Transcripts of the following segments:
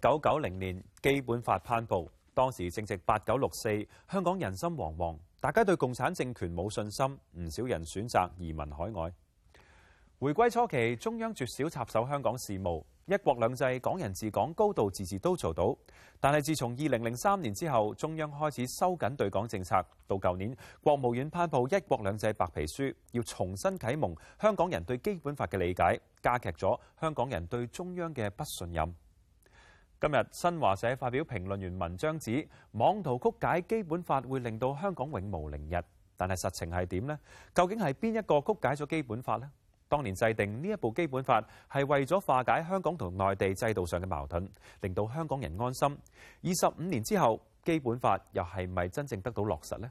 九九零年基本法頒布，當時正值八九六四，香港人心惶惶，大家對共產政權冇信心，唔少人選擇移民海外。回歸初期，中央絕少插手香港事務，一國兩制、港人治港、高度自治都做到。但係自從二零零三年之後，中央開始收緊對港政策。到舊年，國務院頒布《一國兩制》白皮書，要重新啟蒙香港人對基本法嘅理解，加劇咗香港人對中央嘅不信任。今日新華社發表評論員文章指，妄圖曲解基本法會令到香港永無寧日。但係實情係點呢？究竟係邊一個曲解咗基本法呢？當年制定呢一部基本法係為咗化解香港同內地制度上嘅矛盾，令到香港人安心。二十五年之後，基本法又係咪真正得到落實呢？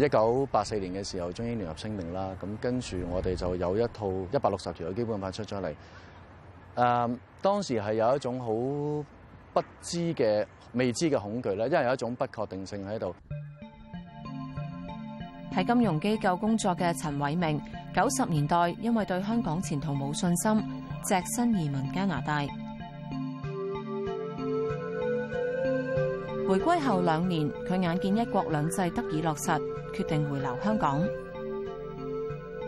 一九八四年嘅時候，中英聯合聲明啦。咁跟住我哋就有一套一百六十條嘅基本法出咗嚟。誒，當時係有一種好不知嘅未知嘅恐懼咧，因為有一種不確定性喺度。喺金融機構工作嘅陳偉明，九十年代因為對香港前途冇信心，隻身移民加拿大。回歸後兩年，佢眼見一國兩制得以落實。決定回流香港。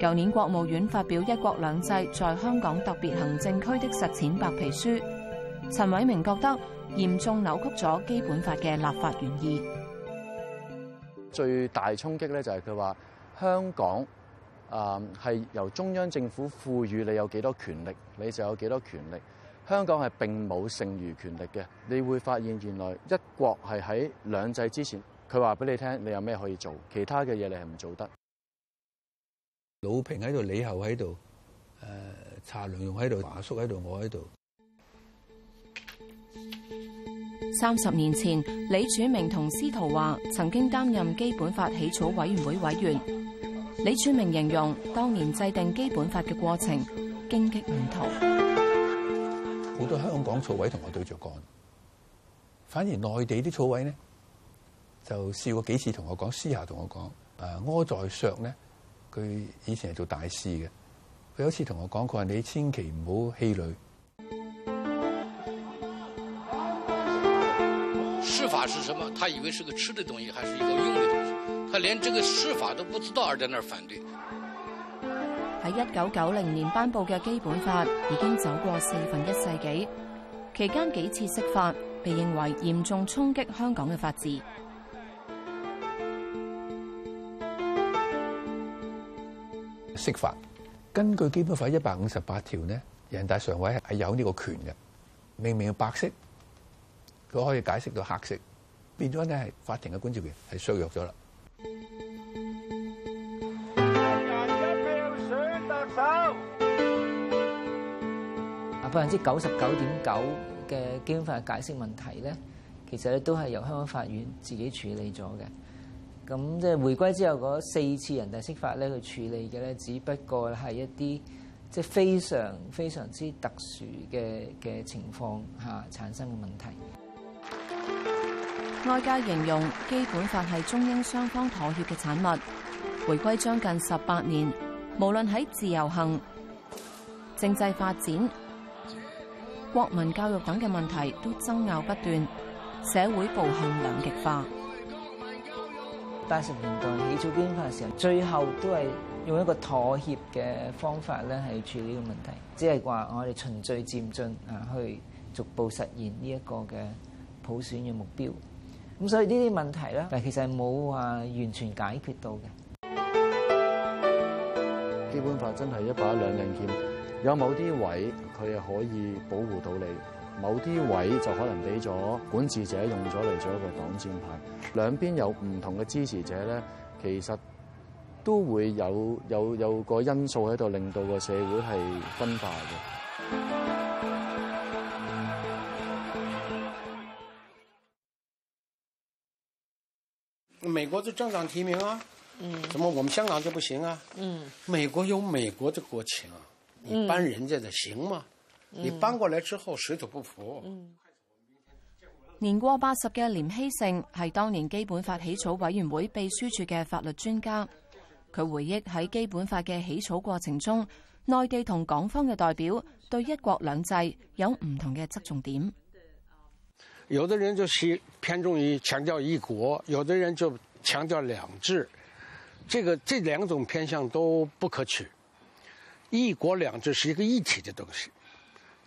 舊年國務院發表《一國兩制在香港特別行政區的實踐白皮書》，陳偉明覺得嚴重扭曲咗《基本法》嘅立法原意。最大衝擊咧就係佢話香港啊，係由中央政府賦予你有幾多權力，你就有幾多權力。香港係並冇剩餘權力嘅。你會發現原來一國係喺兩制之前。佢話俾你聽，你有咩可以做，其他嘅嘢你係唔做得。老平喺度，李厚喺度，誒、呃、查良鏞喺度，馬叔喺度，我喺度。三十年前，李柱銘同司徒華曾經擔任基本法起草委員會委員。李柱銘形容當年制定基本法嘅過程荊棘唔同。好、嗯、多香港草委同我對着幹，反而內地啲草委呢。就試過幾次同我講，私下同我講。誒、啊、柯在削呢，佢以前係做大師嘅。佢有一次同我講，佢話：你千祈唔好欺女。釋法是什麼？他以為是個吃的東西，還是一個用嘅東西？他連這個釋法都不知道而在那反對。喺一九九零年頒布嘅基本法已經走過四分一世紀，期間幾次釋法，被認為嚴重衝擊香港嘅法治。釋法根據基本法一百五十八條呢，人大常委係有呢個權嘅。明明係白色，佢可以解釋到黑色，變咗呢係法庭嘅管治權係削弱咗啦。啊，百分之九十九點九嘅基本法解釋問題呢，其實呢都係由香港法院自己處理咗嘅。咁即係回歸之後嗰四次人大釋法咧，去處理嘅咧，只不過係一啲即係非常非常之特殊嘅嘅情況下產生嘅問題。外界形容《基本法》係中英雙方妥協嘅產物。回歸將近十八年，無論喺自由行、政制發展、國民教育等嘅問題都爭拗不斷，社會暴行兩極化。八十年代起草基本法嘅時候，最後都係用一個妥協嘅方法咧，係處理這個問題，只係話我哋循序漸進啊，去逐步實現呢一個嘅普選嘅目標。咁所以呢啲問題咧，但係其實係冇話完全解決到嘅。基本法真係一把兩刃劍，有某啲位佢係可以保護到你。某啲位就可能俾咗管治者用咗嚟做一個擋箭牌，兩邊有唔同嘅支持者咧，其實都會有有有個因素喺度令到個社會係分化嘅。美國就正常提名啊，嗯，怎麼我們香港就不行啊？嗯，美國有美國嘅國情，啊，你搬人家的行嗎？嗯你搬過來之後水土不服，啊。嗯、年過八十嘅廉希聖係當年基本法起草委員會秘書處嘅法律專家，佢回憶，喺基本法嘅起草過程中，內地同港方嘅代表對一國兩制有唔同嘅側重點。有的人就是偏重於強調一國，有的人就強調兩制，這個這兩種偏向都不可取。一國兩制是一個一體嘅東西。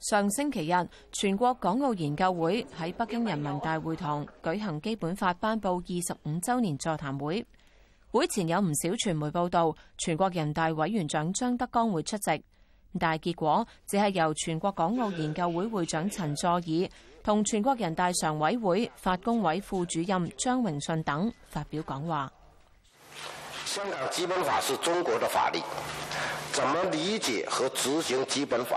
上星期日，全國港澳研究會喺北京人民大會堂舉行《基本法》頒布二十五周年座談會。會前有唔少傳媒報道，全國人大委員長張德江會出席，但係結果只係由全國港澳研究會會長陳佐洱同全國人大常委會法工委副主任張榮順等發表講話。香港《基本法》是中國的法律，怎麼理解和執行《基本法》？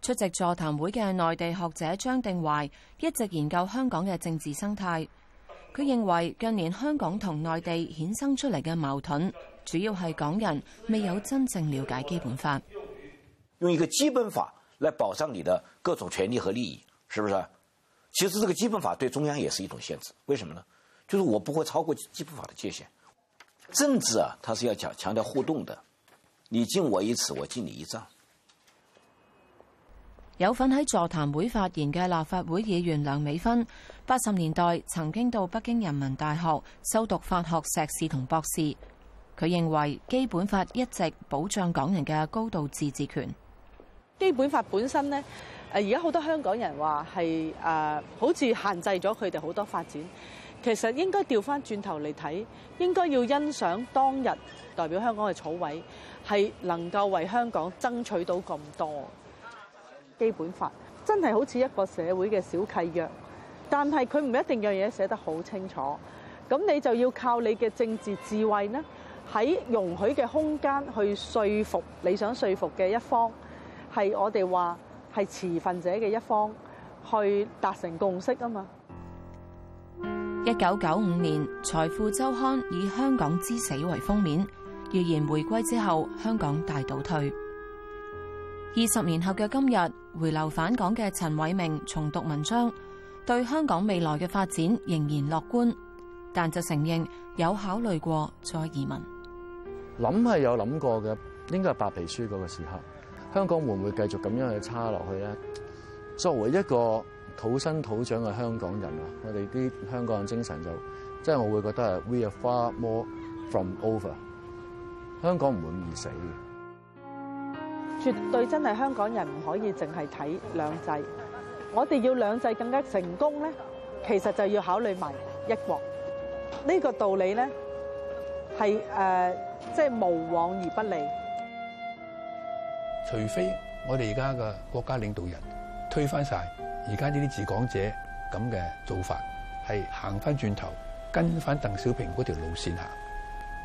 出席座談會嘅內地學者張定懷一直研究香港嘅政治生態。佢認為近年香港同內地衍生出嚟嘅矛盾，主要係港人未有真正了解基本法。用一個基本法來保障你的各種權利和利益，是不是？其實這個基本法對中央也是一種限制。為什麼呢？就是我不會超過基本法的界限。政治啊，它是要強強調互動的。你敬我一尺，我敬你一丈。有份喺座談會發言嘅立法會議員梁美芬，八十年代曾經到北京人民大學修讀法學碩士同博士。佢認為《基本法》一直保障港人嘅高度自治權。《基本法》本身呢，誒而家好多香港人話，係誒好似限制咗佢哋好多發展。其實應該調翻轉頭嚟睇，應該要欣賞當日代表香港嘅草委，係能夠為香港爭取到咁多。基本法真係好似一個社會嘅小契約，但係佢唔一定樣嘢寫得好清楚，咁你就要靠你嘅政治智慧呢，喺容許嘅空間去說服你想說服嘅一方，係我哋話係持份者嘅一方去達成共識啊嘛。一九九五年，《財富周刊》以《香港之死》為封面，預言回歸之後香港大倒退。二十年後嘅今日，回流返港嘅陳偉明重讀文章，對香港未來嘅發展仍然樂觀，但就承認有考慮過再移民。諗係有諗過嘅，應該係白皮書嗰個時刻，香港會唔會繼續咁樣去差落去咧？作為一個土生土長嘅香港人啊，我哋啲香港人精神就，即係我會覺得係，we are far more from over。香港唔會咁易死絕對，真係香港人唔可以淨係睇兩制，我哋要兩制更加成功咧，其實就要考慮埋一國呢、呢個道理咧，係、呃、即係無往而不利。除非我哋而家嘅國家領導人推翻晒而家呢啲治港者咁嘅做法，係行翻轉頭跟翻鄧小平嗰條路線行，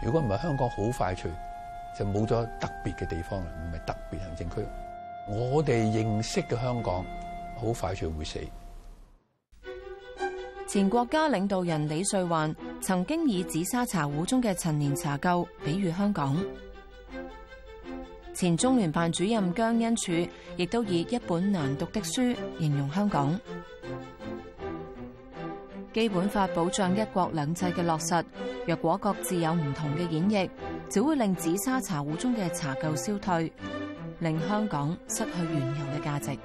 如果唔係香港好快脆。就冇咗特別嘅地方，唔係特別行政區。我哋認識嘅香港，好快就會死。前國家領導人李瑞環曾經以紫砂茶，茶壺中嘅陳年茶垢比喻香港。前中聯辦主任姜恩柱亦都以一本難讀的書形容香港。基本法保障一國兩制嘅落實，若果各自有唔同嘅演繹，就會令紫砂茶壺中嘅茶垢消退，令香港失去原有嘅價值。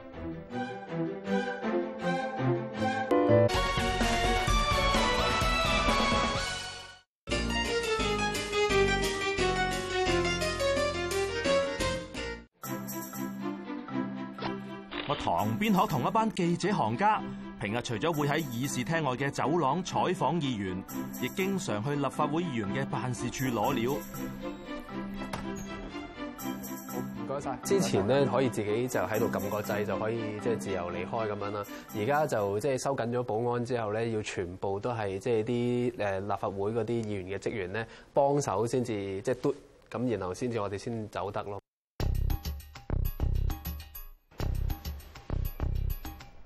我堂邊鶴同一班記者行家。平日除咗會喺議事廳外嘅走廊採訪議員，亦經常去立法會議員嘅辦事處攞料。好，唔該晒。之前咧，可以自己就喺度撳個掣就可以即係自由離開咁樣啦。而家就即係收緊咗保安之後咧，要全部都係即係啲誒，立法會嗰啲議員嘅職員咧，幫手先至即係嘟咁，然後先至我哋先走得咯。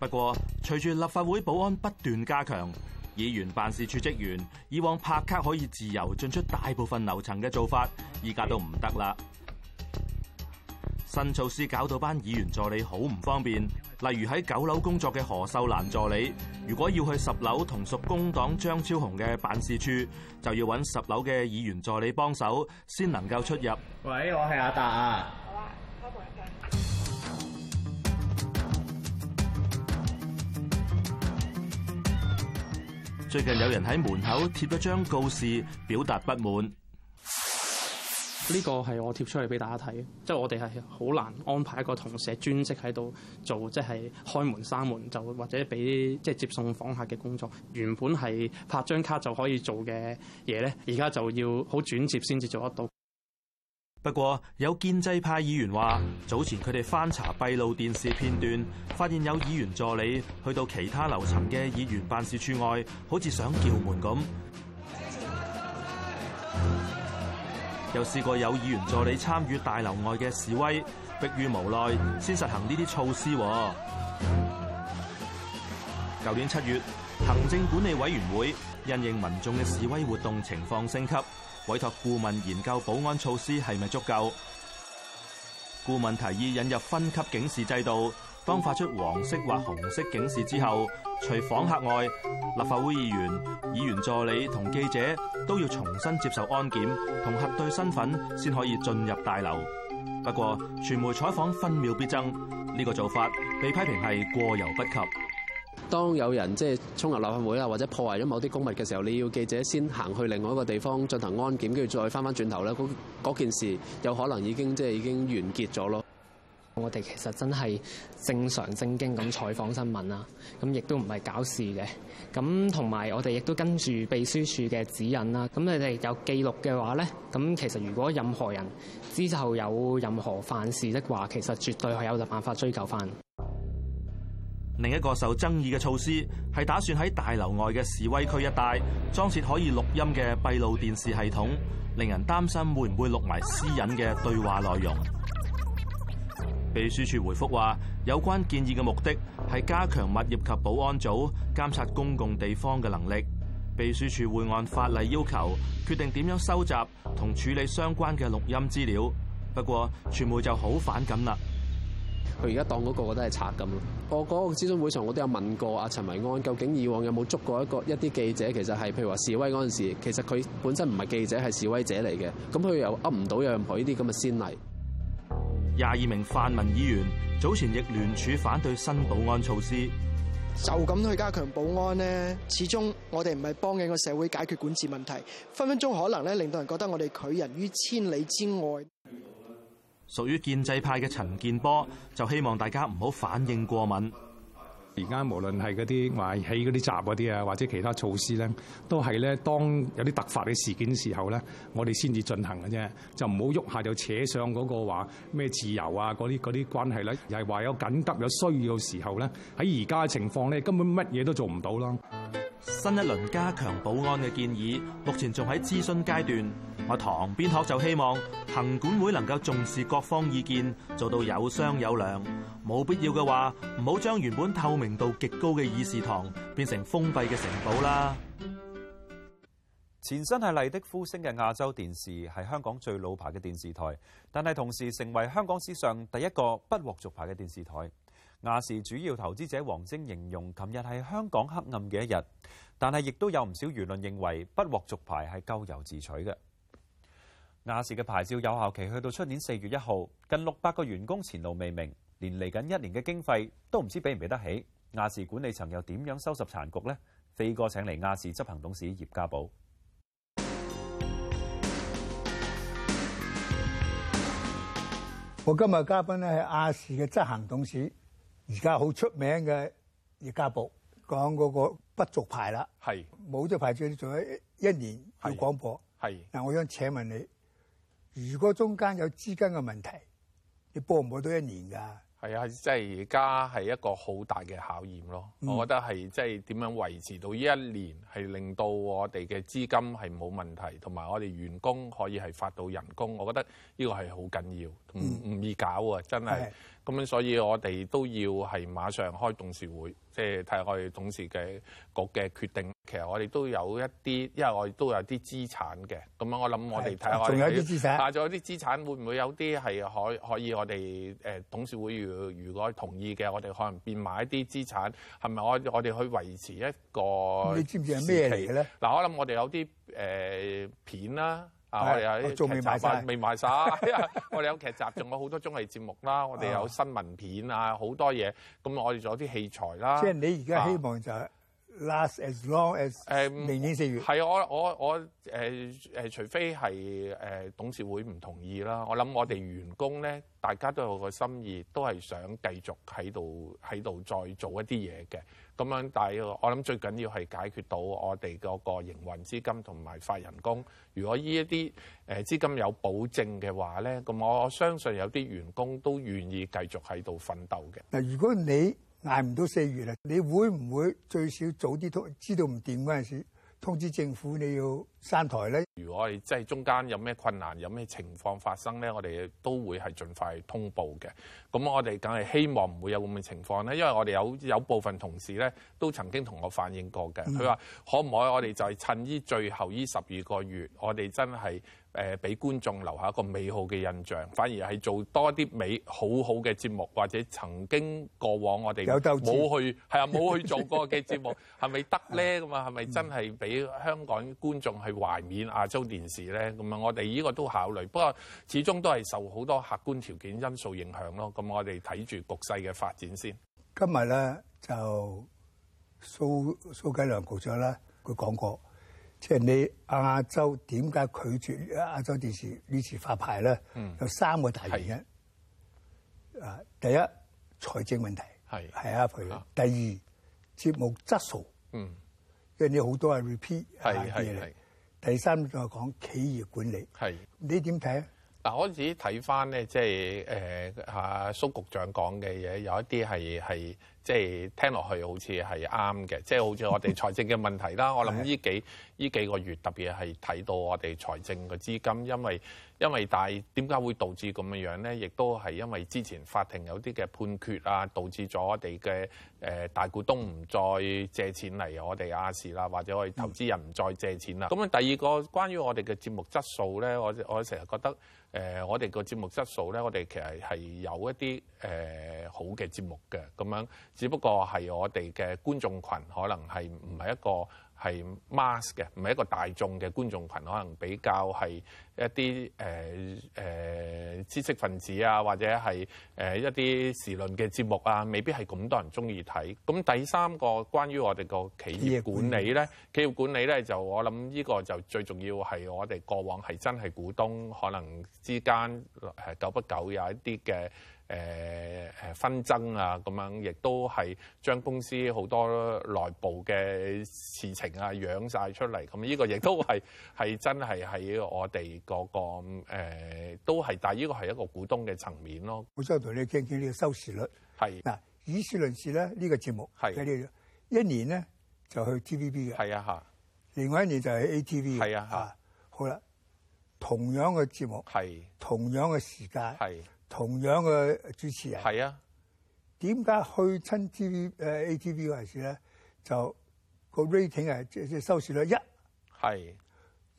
不過，隨住立法會保安不斷加強，議員辦事處職員以往拍卡可以自由進出大部分樓層嘅做法，依家都唔得啦。新措施搞到班議員助理好唔方便，例如喺九樓工作嘅何秀蘭助理，如果要去十樓同屬工黨張超雄嘅辦事處，就要揾十樓嘅議員助理幫手，先能夠出入。喂，我係阿達啊。最近有人喺門口貼咗張告示，表達不滿。呢個係我貼出嚟俾大家睇，即係我哋係好難安排一個同事專職喺度做，即係開門、閂門，就或者俾即係接送訪客嘅工作。原本係拍張卡就可以做嘅嘢咧，而家就要好轉接先至做得到。不過有建制派議員話，早前佢哋翻查閉路電視片段，發現有議員助理去到其他樓層嘅議員辦事處外，好似想叫門咁。又試過有議員助理參與大樓外嘅示威，迫於無奈先實行呢啲措施。舊年七月，行政管理委員會因應民眾嘅示威活動情況升級。委託顧問研究保安措施係咪足夠？顧問提議引入分級警示制度，當發出黃色或紅色警示之後，除訪客外，立法會議員、議員助理同記者都要重新接受安檢同核對身份，先可以進入大樓。不過，傳媒採訪分秒必爭，呢個做法被批評係過猶不及。當有人即係衝入立法會啊，或者破壞咗某啲公物嘅時候，你要記者先行去另外一個地方進行安檢，跟住再返返轉頭咧，嗰件事有可能已經即係已經完結咗咯。我哋其實真係正常正經咁採訪新聞啦，咁亦都唔係搞事嘅。咁同埋我哋亦都跟住秘書處嘅指引啦。咁你哋有記錄嘅話咧，咁其實如果任何人之後有任何犯事的話，其實絕對係有辦法追究返。另一個受爭議嘅措施係打算喺大樓外嘅示威區一帶裝設可以錄音嘅閉路電視系統，令人擔心會唔會錄埋私隱嘅對話內容。秘書處回覆話，有關建議嘅目的係加強物業及保安組監察公共地方嘅能力。秘書處會按法例要求決定點樣收集同處理相關嘅錄音資料，不過傳媒就好反感啦。佢而家當嗰個個都係賊咁咯。我嗰個諮詢會上，我都有問過阿陳維安，究竟以往有冇捉過一個一啲記者？其實係譬如話示威嗰陣時，其實佢本身唔係記者，係示威者嚟嘅。咁佢又噏唔到有任何呢啲咁嘅先例。廿二名泛民議員早前亦聯署反對新保安措施，就咁去加強保安呢，始終我哋唔係幫緊個社會解決管治問題，分分鐘可能咧令到人覺得我哋拒人於千里之外。屬於建制派嘅陳建波就希望大家唔好反應過敏。而家無論係嗰啲話起嗰啲閘嗰啲啊，或者其他措施咧，都係咧當有啲突發嘅事件的時候咧，我哋先至進行嘅啫，就唔好喐下就扯上嗰個話咩自由啊嗰啲嗰啲關係咧，又係話有緊急有需要時候咧，喺而家嘅情況咧，根本乜嘢都做唔到啦。新一輪加強保安嘅建議目前仲喺諮詢階段，我堂邊鶴就希望，行管會能夠重視各方意見，做到有商有量，冇必要嘅話，唔好將原本透明度極高嘅議事堂變成封閉嘅城堡啦。前身係麗的呼聲嘅亞洲電視係香港最老牌嘅電視台，但係同時成為香港史上第一個不獲續牌嘅電視台。亞視主要投資者王征形容，琴日係香港黑暗嘅一日，但係亦都有唔少輿論認為不獲續牌係咎由自取嘅。亞視嘅牌照有效期去到出年四月一號，近六百個員工前路未明，連嚟緊一年嘅經費都唔知俾唔俾得起。亞視管理層又點樣收拾殘局咧？飛哥請嚟亞視執行董事葉家寶。我今日嘉賓咧係亞視嘅執行董事，而家好出名嘅葉家寶，講嗰個不續牌啦，係冇咗牌照仲有一年去廣播，係嗱，我想請問你。如果中間有資金嘅問題，你保唔保到一年㗎？係啊，即係而家係一個好大嘅考驗咯。嗯、我覺得係即係點樣維持到呢一年，係令到我哋嘅資金係冇問題，同埋我哋員工可以係發到人工。我覺得呢個係好緊要，唔唔、嗯、唔易搞啊！真係。咁樣的，所以我哋都要係馬上開董事會，即係睇下我哋董事嘅局嘅決定。其實我哋都有一啲，因為我哋都有啲資產嘅。咁樣我諗，我哋睇下仲有啲資產，仲有啲資產會唔會有啲係可以可以我哋誒、呃、董事會如，如果同意嘅，我哋可能變賣一啲資產，係咪我我哋去維持一個？你知唔知係咩嚟嘅咧？嗱，呃、是我諗我哋有啲誒片啦，啊，我哋有啲劇集未賣晒，未賣晒？我哋有劇集，仲有好多綜藝節目啦， 我哋有新聞片啊，好多嘢。咁我哋仲有啲器材啦。即係你而家希望就 last as long as 明年四月係、嗯、我我我誒誒，除非係誒、呃、董事會唔同意啦。我諗我哋員工咧，大家都有個心意，都係想繼續喺度喺度再做一啲嘢嘅。咁樣，但係我諗最緊要係解決到我哋嗰個營運資金同埋發人工。如果呢一啲誒資金有保證嘅話咧，咁我，我相信有啲員工都願意繼續喺度奮鬥嘅。嗱，如果你捱唔到四月啦，你會唔會最少早啲通知，道唔掂嗰陣時通知政府你要？山台咧，如果我哋即係中間有咩困難有咩情況發生咧，我哋都會係盡快通報嘅。咁我哋梗係希望唔會有咁嘅情況咧，因為我哋有有部分同事咧都曾經同我反映過嘅。佢話、嗯、可唔可以我哋就係趁呢最後呢十二個月，我哋真係誒俾觀眾留下一個美好嘅印象，反而係做多啲美好好嘅節目，或者曾經過往我哋冇去係啊冇去做過嘅節目，係咪得咧？咁啊、嗯，係咪真係俾香港觀眾去。懷緬亞洲電視咧，咁啊，我哋呢個都考慮，不過始終都係受好多客觀條件因素影響咯。咁我哋睇住局勢嘅發展先。今日咧就蘇蘇錦樑局長咧，佢講過，即、就、係、是、你亞洲點解拒絕亞洲電視呢次發牌咧？嗯、有三個大原因。啊是，第一財政問題係係是啊佢。第二節目質素，嗯，因為你好多係 repeat 係嘅。第三就講企業管理，係是你點睇、呃、啊？嗱，我自己睇返咧，即係誒阿蘇局長講嘅嘢，有一啲係係即係聽落去好似係啱嘅，即係好似我哋財政嘅問題啦。我諗呢幾呢 幾個月特別係睇到我哋財政嘅資金，因為。因為但係點解會導致咁樣樣咧？亦都係因為之前法庭有啲嘅判決啊，導致咗我哋嘅誒大股東唔再借錢嚟我哋亞視啦，或者我哋投資人唔再借錢啦。咁啊、嗯，第二個關於我哋嘅節目質素咧，我我成日覺得誒、呃，我哋個節目質素咧，我哋其實係有一啲誒、呃、好嘅節目嘅，咁樣只不過係我哋嘅觀眾群可能係唔係一個。係 mask 嘅，唔係一個大眾嘅觀眾群，可能比較係一啲誒誒知識分子啊，或者係誒一啲時論嘅節目啊，未必係咁多人鍾意睇。咁第三個關於我哋個企業管理咧，企業管理咧就我諗呢個就最重要係我哋過往係真係股東可能之間誒久不久有一啲嘅。誒誒紛爭啊，咁樣亦都係將公司好多內部嘅事情啊，養晒出嚟咁。呢、這個亦都係係 真係喺我哋個個、呃、都係，但呢個係一個股東嘅層面咯。我想同你傾傾呢個收視率。係嗱是，以事論事咧，呢、這個節目係是是一年咧就去 TVB 嘅。係啊嚇，另外一年就係 ATV 嘅。係啊嚇、啊，好啦，同樣嘅節目，係是同樣嘅時間，係。同樣嘅主持人係啊，點解去親 TV 誒 ATV 嗰陣時咧，就個 rating 係即係收視率一係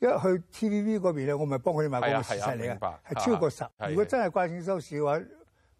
一是去 TVB 嗰邊咧，我咪幫佢哋買個事實嚟嘅，係、啊啊、超過十。啊啊啊、如果真係慣性收視嘅話，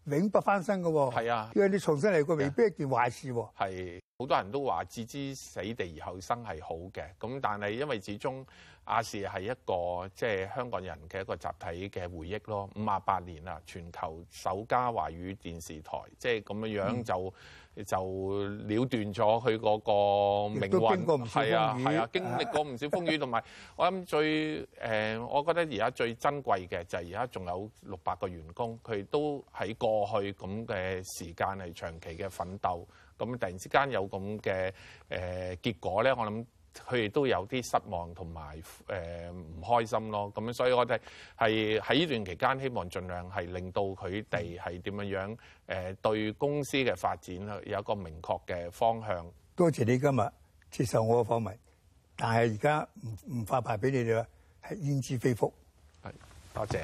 永不翻身嘅喎。係啊，因為你重新嚟過，啊、未必一件壞事喎。好多人都話置之死地而後生係好嘅，咁但係因為始終亞視係一個即係、就是、香港人嘅一個集體嘅回憶咯，五啊八年啦，全球首家華語電視台，即係咁樣樣就、嗯、就，就了斷咗佢嗰個命運。係啊係啊，經歷過唔少風雨，同埋、啊啊、 我諗最誒、呃，我覺得而家最珍貴嘅就係而家仲有六百個員工，佢都喺過去咁嘅時間係長期嘅奮鬥。咁突然之間有咁嘅誒結果咧，我諗佢哋都有啲失望同埋誒唔開心咯。咁所以我哋係喺呢段期間，希望盡量係令到佢哋係點樣樣誒對公司嘅發展有一個明確嘅方向。多謝你今日接受我嘅訪問，但係而家唔唔發牌俾你哋啦，係焉知非福。係，多謝。